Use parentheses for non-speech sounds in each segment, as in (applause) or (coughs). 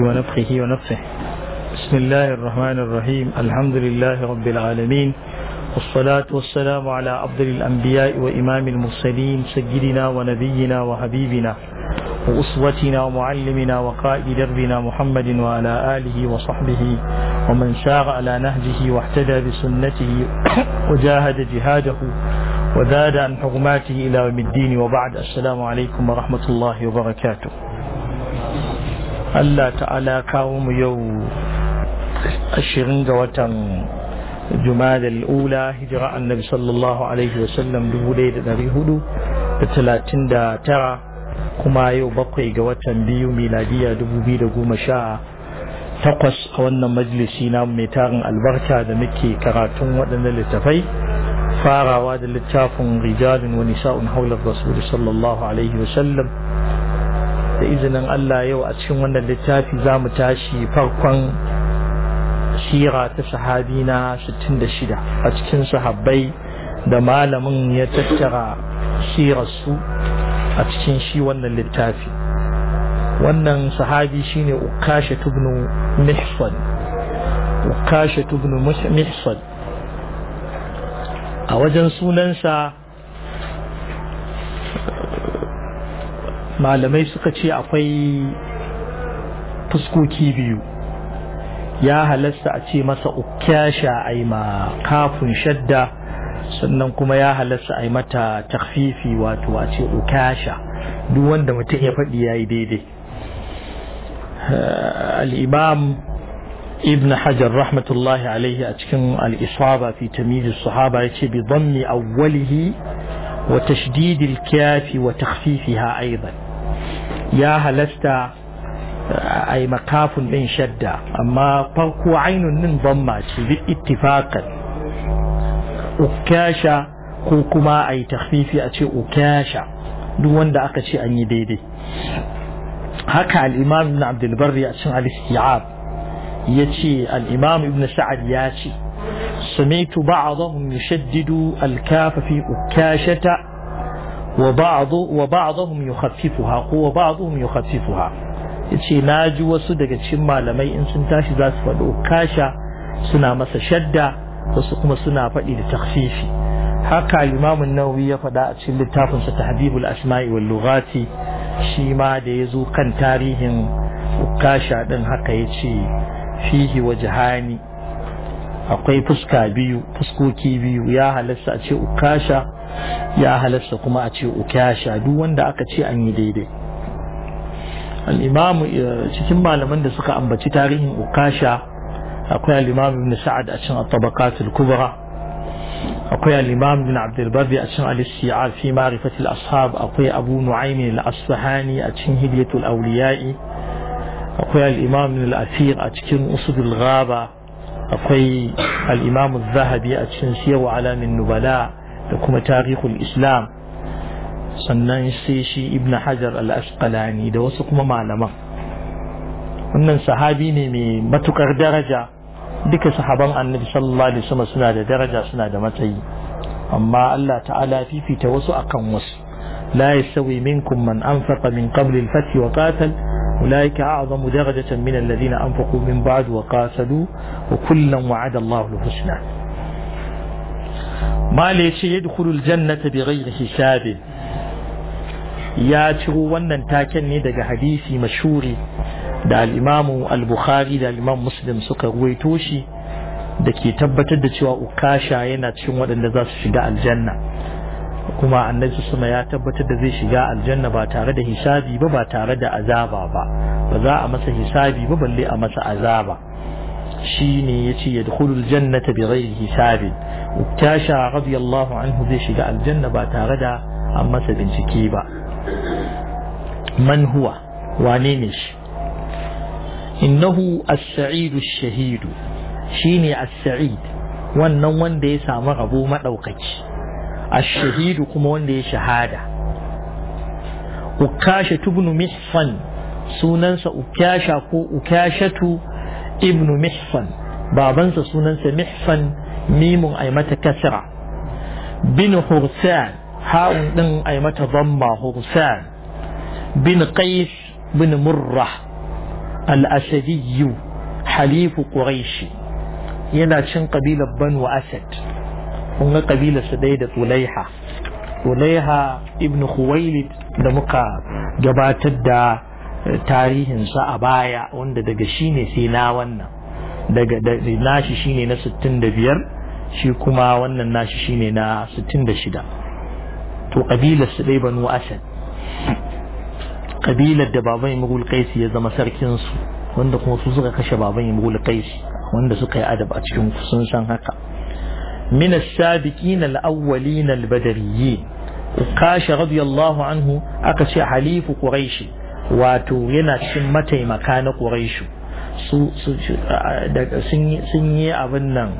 ونفخه ونفسه بسم الله الرحمن الرحيم الحمد لله رب العالمين والصلاة والسلام على أفضل الأنبياء وإمام المرسلين سيدنا ونبينا وحبيبنا وأسوتنا ومعلمنا وقائد دربنا محمد وعلى آله وصحبه ومن سار على نهجه واحتدى بسنته (coughs) وجاهد جهاده وزاد عن حرماته إلى يوم الدين وبعد السلام عليكم ورحمة الله وبركاته Allah ta'ala kawo mu yau ashirin ga watan jumada al'ula hijira annabi sallallahu alaihi wasallam dubu ɗaya da ɗari hudu da talatin da tara kuma yau bakwai ga watan biyu miladiya dubu biyu da goma sha takwas a wannan majalisi na mai tarin albarka da muke karatun waɗannan littafai farawa da littafin rijalin wani sa'un haular rasul sallallahu alaihi wasallam da izinin Allah yau a cikin wannan littafi za mu tashi farkon shira ta sahabi na 66 a cikin sahabbai da malamin ya tattara shirarsu a cikin shi wannan littafi wannan sahabi shine ukasha tubnu mihsan ukasha tubnu a wajen sunansa malamai suka ce akwai fuskoki biyu ya halasta a ce masa ukyasha a yi ma kafin shadda sannan kuma ya halasta a yi mata takfifi wato a ce ukyasha duk wanda mutum ya faɗi ya yi daidai eh, al'imam ibn hajar rahmatullahi alaihi a cikin al'isaba fi tamizu sahaba ya ce bi zanni awwalihi wa tashdidil kyafi wa ha aidan ya halasta a yi makafin ɗin shadda amma farko ainihin nin zamma ce bi ittifaqan ukasha ko kuma a yi takfifi a ce ukasha duk wanda aka ce an yi daidai haka al'imam ibn abdulbarri a cin al-istiyab ya ce al'imam ibn sa'ad ya ce سمعت بعضهم يشدد الكاف في أكاشة وبعض وبعضهم يخففها وبعضهم يخففها yace na ji wasu daga cikin malamai in sun tashi za su faɗo kasha suna masa shadda wasu kuma suna faɗi da takhfifi haka Limamin nawawi ya faɗa a cikin littafinsa tahdibul asma'i wal lughati shi ma da ya zo kan tarihin kasha ɗin haka ya ce fihi wa jihani akwai fuska biyu fuskoki biyu ya halasta a ce ukasha ya halasta kuma a ce ukasha duk wanda aka ce an yi daidai al'imamu cikin malaman da suka ambaci tarihin ukasha akwai al'imamu ibn sa'ad a cikin tabaqatul kubra akwai al'imam ibn abdul barri a cikin al-isti'ar fi ma'rifatul ashab akwai abu nu'aym al-asfahani a cikin hidiyatul awliya'i akwai al'imam ibn al-athir a cikin usudul ghaba akwai al'imam al-zahabi a cikin siyar alamin nubala da kuma tarihul islam sannan sai shi ibn hajar al-asqalani da wasu kuma malaman wannan sahabi ne mai matukar daraja duka sahaban annabi sallallahu alaihi wasallam suna da daraja suna da matsayi amma Allah ta'ala fifita wasu akan wasu la yasawi minkum man anfaqa min qabli al-fath wa qatal أولئك أعظم درجة من الذين أنفقوا من بعد وقاتلوا وكلا وعد الله الحسنى mala yace yadkhulul jannata bighairi hisabin ya ciro wannan taken ne daga hadisi mashuri da al al-Bukhari da al-Imam Muslim suka ruwaito shi da ke tabbatar da cewa ukasha yana cikin waɗanda za su shiga aljanna kuma annabi sama ya tabbatar da zai shiga aljanna ba tare da hisabi ba ba tare da azaba ba ba za a masa hisabi ba balle a masa azaba shi shine yace yadkhulul jannata bighairi hisabin tasha radiyallahu anhu zai shiga aljanna ba tare da an masa bincike ba man huwa wane ne shi innahu as-sa'idu shahidu shine as-sa'id wannan wanda ya samu rabo madaukaki ash-shahidu kuma wanda ya shahada ukasha ibn mihsan sunansa ukasha ko ukashatu ibn mihsan babansa sunansa mihsan mimun ai mata kasra bin hursan ha'un din ai mata dhamma hursan bin qais bin murrah al-ashadi halifu quraishi yana cin kabilar banu asad kun ga kabilar su da tsulaiha tsulaiha ibn khuwailid da muka gabatar da eh, tarihinsa a baya wanda daga shi ne sai na wannan daga nashi shine na 65 shi kuma wannan nashi shine na 66 to kabilar su dai banu asad kabilar da baban imrul qaisi ya zama sarkinsu su wanda kuma su suka kashe baban imrul qaisi wanda suka yi adab a cikin sun san haka min as-sabiqin al-awwalin al-badariyyin kashe radiyallahu anhu aka ce halifu quraishi wato yana cikin mataimaka na kuraishi. su daga sun yi abin nan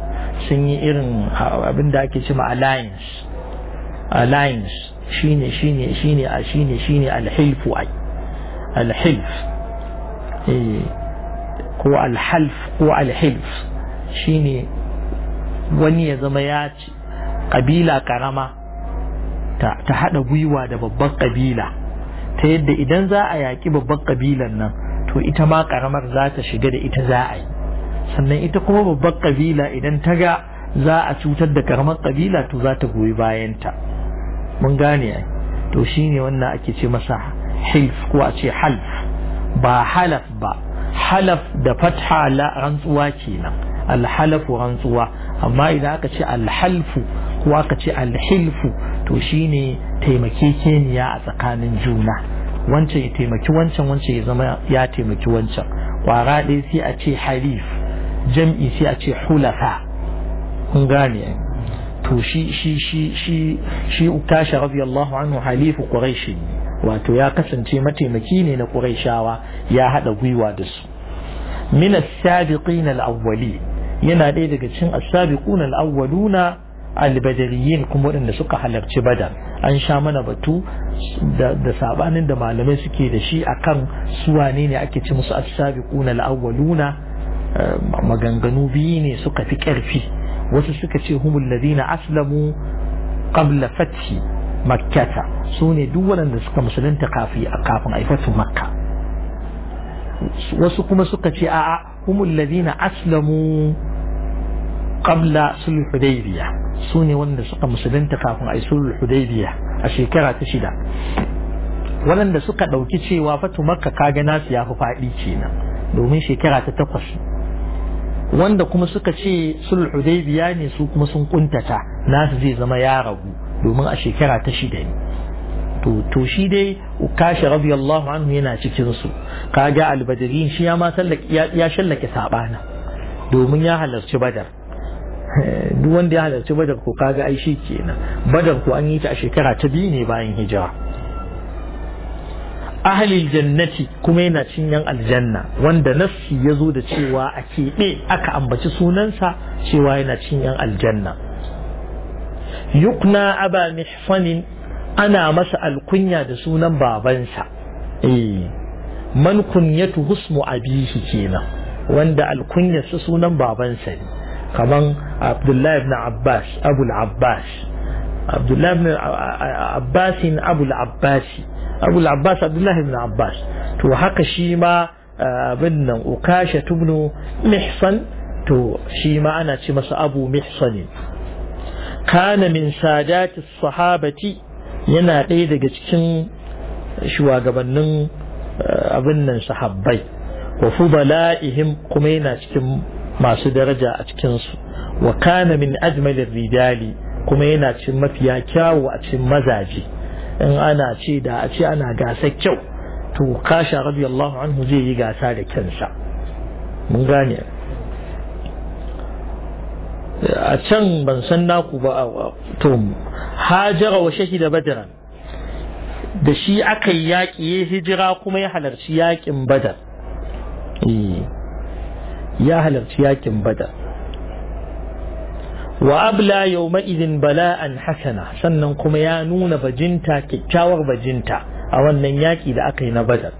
sun yi irin abin da ake cima alliance alliance shine shine shine a shine shine alhilfu ai alhilf eh, ko alhalf ko alhilf shine wani ya zama ya ci kabila karama ta haɗa gwiwa da babban kabila ta yadda idan za a yaƙi babban kabilan nan to ita ma karamar za ta shiga da ita za a yi sannan ita kuma babbar kabila idan ta ga za a cutar da karamar kabila to za ta goyi bayanta mun gane to shine wannan ake ce masa hilf ko a ce half ba halaf ba halaf da fatha la rantsuwa kenan alhalafu rantsuwa amma idan aka ce alhalfu ko aka ce alhilfu to shine taimakekeniya a tsakanin juna wancan ya taimaki wancan wancan ya zama ya taimaki wancan kwara ɗaya sai a ce halif jam'i sai a ce hulafa kun gane to shi shi shi shi shi ukasha radiyallahu anhu halifu quraish wato ya kasance mataimaki ne na quraishawa ya hada gwiwa da su min as-sabiqin al-awwali yana ɗaya daga cikin as-sabiqun al-awwaluna albadariyin kuma waɗanda suka halarci badar an sha mana batu da sabanin da malamai suke da shi akan suwane ne ake ci musu as na al-awwaluna eh, maganganu biyu ne suka fi ƙarfi wasu suka ce humul ladina aslamu qabla fathi makkata su ne duk waɗanda suka musulunta kafin a fatu makka wasu kuma suka ce a'a humul ladina aslamu qabla sulh su ne wanda suka musulunta kafin a sulhul hudaybiya a shekara ta shida waɗanda suka ɗauki cewa fatu makka kaga nasu ya fi faɗi kenan domin shekara ta takwas wanda kuma suka ce sulhul hudaybiya ne su kuma sun kuntata nasu zai zama ya ragu domin a shekara ta shida ne to shi dai ukashi radiyallahu anhu yana cikin su kaga albadirin shi ya ma ya shallake sabana domin ya halarci badar Eh, duk wanda ya halarci badar ko kaga ai shi kenan badar ko an yi ta a shekara ta biyu ne bayan hijira ahalil jannati kuma yana cin yan aljanna wanda nassi ya zo da cewa a keɓe aka ambaci sunansa cewa yana cin yan aljanna yukna aba mihsanin ana masa alkunya da sunan babansa eh man kunyatu husmu abihi kenan wanda alkunyarsa sunan babansa ne kaman عبد الله بن عباس أبو العباس عبد الله بن عباس أبو العباس أبو العباس عبد الله بن عباس تو حق شيما بن أكاشة بن محصن تو شيما أنا تمس أبو محصن كان من سادات الصحابة yana ɗaya daga cikin shugabannin abin nan sahabbai wa fudala'ihim kuma yana cikin masu daraja a cikinsu wa kana min ajmalir rijali kuma yana cin mafiya kyawu a cin mazaje in ana ce da a ce ana gasa kyau to kasha radiyallahu anhu zai yi gasa da kansa mun gane a can ban san naku ba to hajara wa shahida badran da shi aka yi yaƙi hijira kuma ya halarci yaƙin badar eh, ya halarci yaƙin badar wa abla yawma idin bala'an hasana sannan kuma ya nuna bajinta kyakkyawar bajinta a wannan yaki da aka yi na badar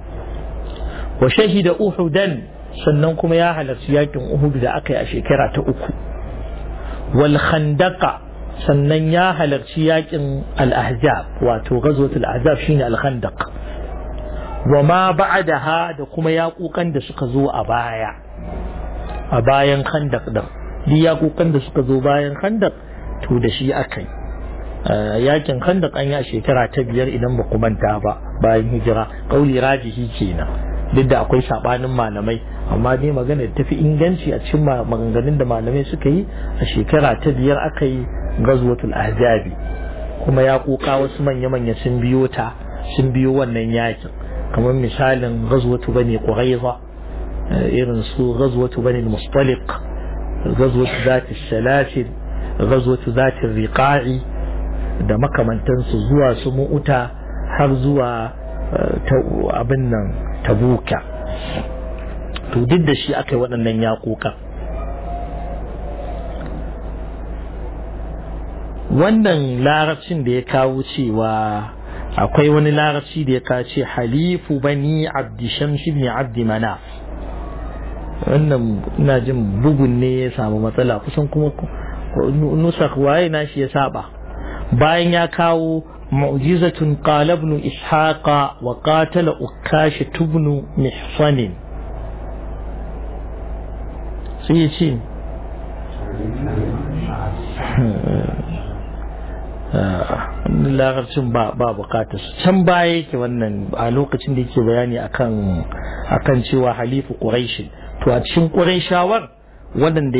wa shahida uhudan sannan kuma ya halarci yakin uhud da aka yi a shekara ta uku wal sannan ya halarci yakin al-ahzab wato ghazwatul ahzab shine al-khandaq wa ma ba'daha da kuma yaƙuƙan da suka zo a baya a bayan khandaq din duk kukan da suka zo bayan khandak to da shi aka yi eh, yakin khandak an yi a shekara ta biyar idan ba ku manta ba bayan hijira kauli rajihi kenan duk da akwai sabanin malamai amma dai magana ta fi inganci a cikin maganganun da malamai suka yi a shekara ta biyar aka yi gazwatul ahzabi kuma ya kuka wasu manya-manya sun biyo ta sun biyo wannan yakin kamar misalin gazwatu bane quraiza eh, irin su gazwatu bane mustaliq غزوة ذات السلاسل غزوة ذات الرقاع da makamantansu zuwa su mu'uta har zuwa eh, abin nan tabuka to duk da shi aka yi waɗannan yaƙoƙa wannan larabcin da ya kawo cewa akwai wani larabci da ya kawo ce halifu bani abdi ne abdi manaf wannan ina jin bugun ne ya samu matsala kusan kuma nusar waye shi ya saba bayan ya kawo mu'jizatun qala ibn ishaqa wa qatala ukash ibn mihsan sai ya ce ah, larabcin ba ba bukatar su can baya yake wannan a lokacin da yake bayani akan cewa halifu shi. to a cikin ƙurin shawar waɗanda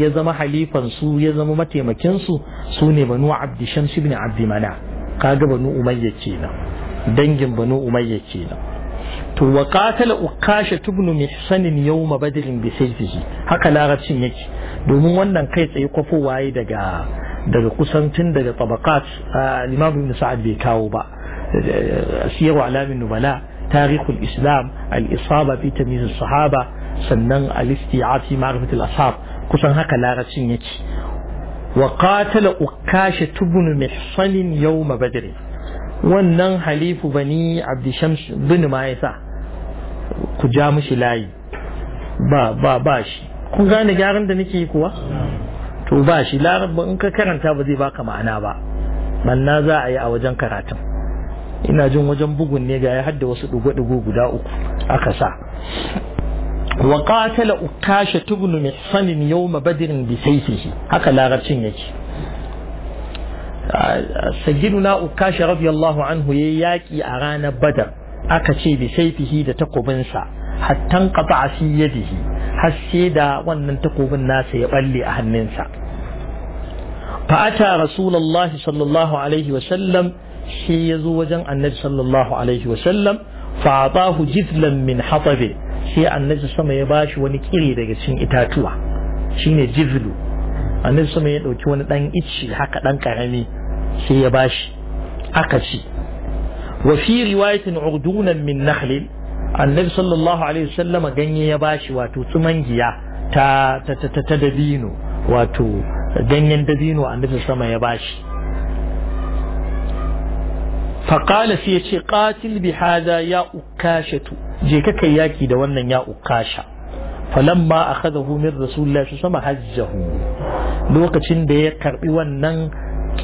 ya zama halifan su ya zama mataimakin su su ne banu abdishams abdi mana kaga banu umayya kenan dangin banu umayya kenan to wa qatala ukasha ibn mihsan yawm badr bi sayfihi haka larabcin yake domin wannan kai tsaye kwafo waye daga daga kusantin daga tabaqat al-imam ibn sa'ad bai kawo ba siyar alamin nubala tarihul islam al-isaba Bitamin, as-sahaba sannan al-isti'a fi ashab kusan haka larabcin yake wa qatala ukasha sanin yau yawm badr wannan halifu bani abdishams bin ma sa? ku ja mishi layi ba ba ba shi kun gane gyaran da nake kuwa to ba shi ba in ka karanta ba zai baka ma'ana ba manna za a yi a wajen karatun ina jin wajen bugun ne ga ya hadda wasu dugo-dugo guda uku aka sa wa qatala ukasha tubnu mihsan yawma badrin bi sayfihi haka larabcin yake sayyiduna ukasha radiyallahu anhu yayi yaki a ranar badar aka ce bi sayfihi da takobinsa hattan qata'a fi yadihi har sai da wannan takobin nasa ya balle a hannunsa فأتى رسول sai صلى الله عليه وسلم شي يزوجا النبي صلى الله عليه وسلم فأعطاه جذلا من حطبه sai annabi sama ya bashi wani kiri daga cikin itatuwa shine jizlu annabi sama ya dauki wani dan icci haka dan karami sai ya bashi aka ci wa fi riwayatin urdunan min nakhlin annabi sallallahu alaihi wasallama ganye ya bashi wato tsumangiya ta ta ta ta dabino wato ganyen dabino annabi sama ya bashi faƙala sai ya ce ƙatil bi hada ya ukashatu je ka kai yaki da wannan ya ukasha falamma akhadahu min rasulillahi su sama hajjahu lokacin da ya karbi wannan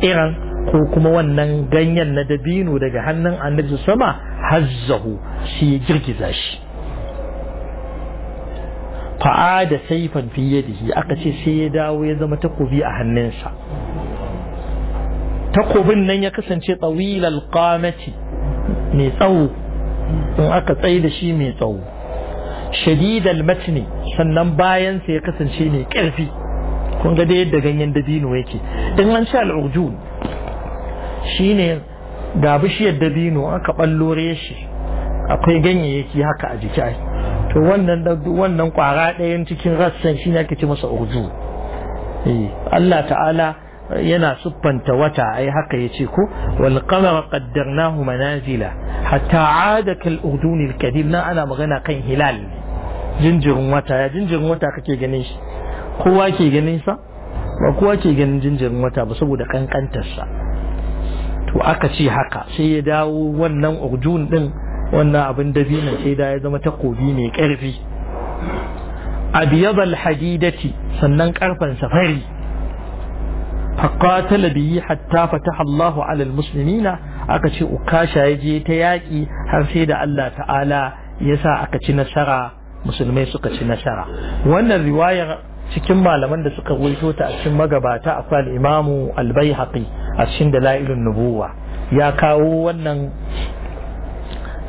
kiran ko kuma wannan ganyen na dabino daga hannun annabi sama hajjahu shi ya girgiza shi fa'ada saifan da shi aka ce sai ya dawo ya zama takobi a hannunsa takobin nan ya kasance tsawilal qamati mai tsawo in aka tsaye da shi mai tsawo shadidal matni sannan bayansa ya kasance mai ƙarfi kun ga dai yadda ganyen dabino yake in an sha al'urjun shine ga bishiyar dabino aka ballore shi akwai ganyayyaki haka a jiki ai to wannan wannan kwara ɗayan cikin rassan shine ake ce masa urju eh, Allah ta'ala yana siffanta wata ai haka yace ko wal qamara qaddarnahu manazila hatta aada kal uduni al qadim na ana magana kan hilal jinjirin wata ya jinjirin wata kake ganin shi kowa ke ganin sa ba kowa ke ganin jinjirin wata ba saboda kankantar sa to aka ce haka sai ya dawo wannan urdun din wannan abin dabinan sai da ya zama takobi mai karfi abiyad hadidati sannan karfan safari hatta فقاتل aka ce فتح الله ta المسلمين har sai da allah ta'ala ya sa aka ci nasara musulmai suka ci nasara wannan riwayar cikin malaman da suka ruwaito ta a cikin magabata akwai al-imamu al a cikin dalailun nubuwa ya kawo wannan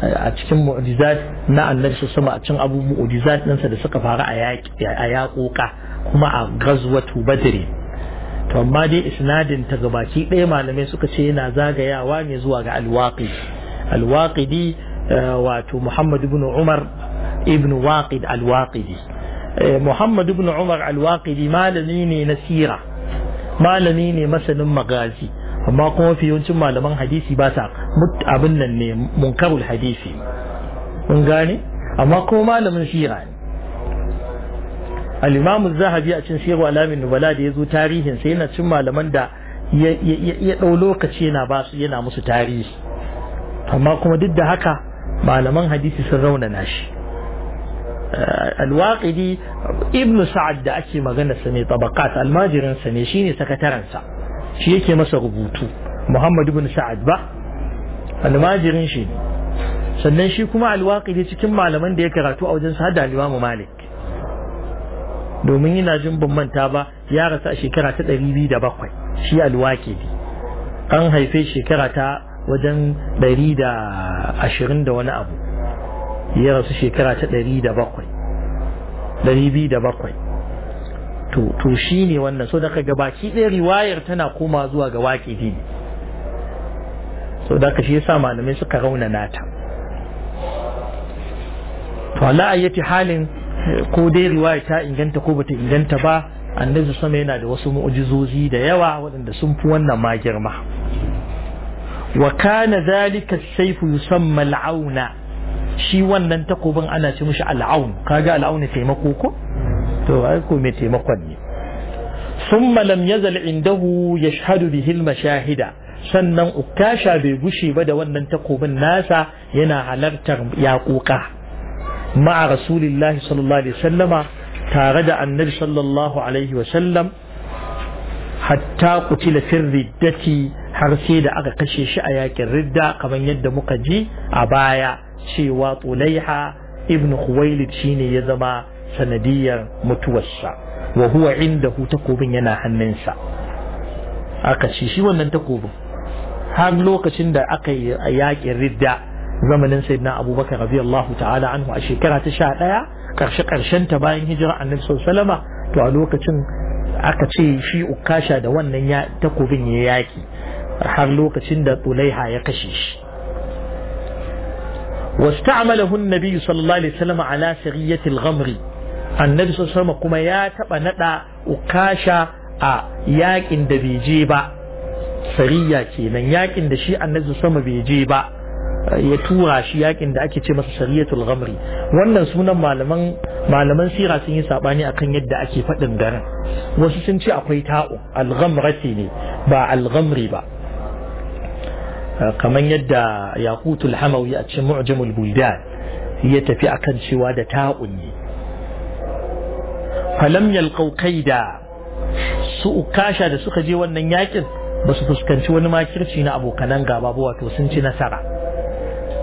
a cikin mu'jizat na annabi su sama a cikin abubuwan mu'jizat ɗinsa da suka faru a yaƙoƙa kuma a gazwatu badri to amma dai isnadin ta gabaki ɗaya malamai suka ce yana zagayawa ne zuwa ga alwaqidi alwaqidi eh, wato muhammad ibn umar ibn waqid alwaqidi eh, muhammad ibn umar alwaqidi malami ne na sira malami ne masanin magazi amma kuma fi yawancin malaman hadisi ba sa abin nan ne munkarul hadisi mun gane amma kuma malamin sira ne al-imam zahabi a cikin siyarwa alamin nubala da zo tarihin sai yana cin malaman da ya ɗau lokaci yana ba su yana musu tarihi amma kuma duk da haka malaman hadisi sun raunana shi eh, al ibnu sa'ad da ake magana sa ne tabaqat almajirin sa ne shine sakataren sa shi yake masa rubutu muhammad ibn sa'ad ba almajirin shi sannan shi kuma alwaqidi cikin malaman da ya karatu a wajen sa da al malik domin yana jin bambanta manta ba ya rasu a shekara ta ɗari biyu da bakwai shi alwake an haife shekara ta wajen ɗari da ashirin da wani abu ya rasu shekara ta ɗari da bakwai ɗari biyu da bakwai to shi ne wannan so daga gabaki ɗaya riwayar tana koma zuwa ga ne so daga shi yasa malamai suka raunana ta to ala ayyati halin ko dai riwaya ta inganta ko bata inganta ba annabi sama yana da wasu mu'jizozi da yawa waɗanda sun fi wannan ma girma wa kana zalika as-sayfu yusamma al-auna shi wannan takobin ana ce mishi al-aun kaga al-aun taimako ko to ai ko me taimakon ne summa lam yazal indahu yashhadu bihi al-mashahida sannan ukasha bai gushe ba da wannan takobin nasa yana halartar yaƙuƙa ma'a rasulillahi sallallahu alaihi wasallama tare da annabi sallallahu alaihi wasallam hatta kutila fil har sai da aka kashe shi a yakin ridda kamar yadda muka ji a baya cewa tulaiha ibn khuwailid shine ya zama sanadiyar mutuwarsa wa huwa hu takobin yana hannunsa aka ci shi wannan takobin har lokacin da aka yi yakin ridda zamanin sayyidina abubakar radiyallahu ta'ala anhu a shekara ta sha ɗaya karshe karshen ta bayan hijira annabi sallallahu to a lokacin aka ce shi ukasha da wannan ya takobin ya yaki har lokacin da tsulaiha ya kashe shi واستعمله النبي صلى الله عليه وسلم على سرية الغمر النبي صلى الله عليه وسلم كما ياتب ندا أكاشا ياك إن دبيجيبا سرية كينا ياك إن دشي النبي صلى الله عليه وسلم بيجيبا ya tura shi yakin da ake ce masa sariyatul ghamri wannan sunan malaman malaman sira sun yi sabani akan yadda ake faɗin garin wasu sun ce akwai ta'u al-ghamrati ne ba al-ghamri ba kamar yadda yaqutul hamawi a cikin mu'jamul buldan ya tafi akan cewa da ta'un ne falam yalqau qaida su ukasha da suka je wannan yakin ba su fuskanci wani makirci na abokanan gaba ba wato sun ci nasara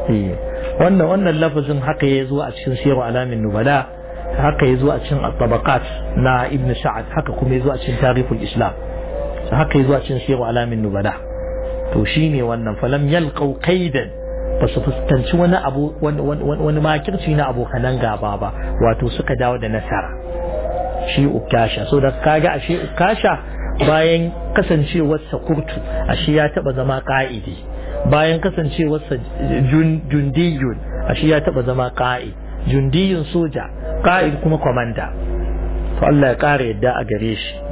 wannan wannan lafazin haka ya zuwa a cikin siru alamin nubala haka ya zuwa a cikin tabaqat na ibn sa'ad haka kuma ya zuwa a cikin tarihul islam haka ya zuwa a cikin siru alamin nubala to shi ne wannan falam yalqau qaidan ba su fuskanci wani abu wani makirci na abokanan gaba ba wato suka dawo da nasara shi ukasha so da kaga shi ukasha bayan kasancewarsa kurtu shi ya taba zama ka'idi bayan kasancewarsa jundiyun ashe ya taba zama ƙa'id jundiyun soja ƙa'id kuma kwamanda to Allah ya ƙara yadda a gare shi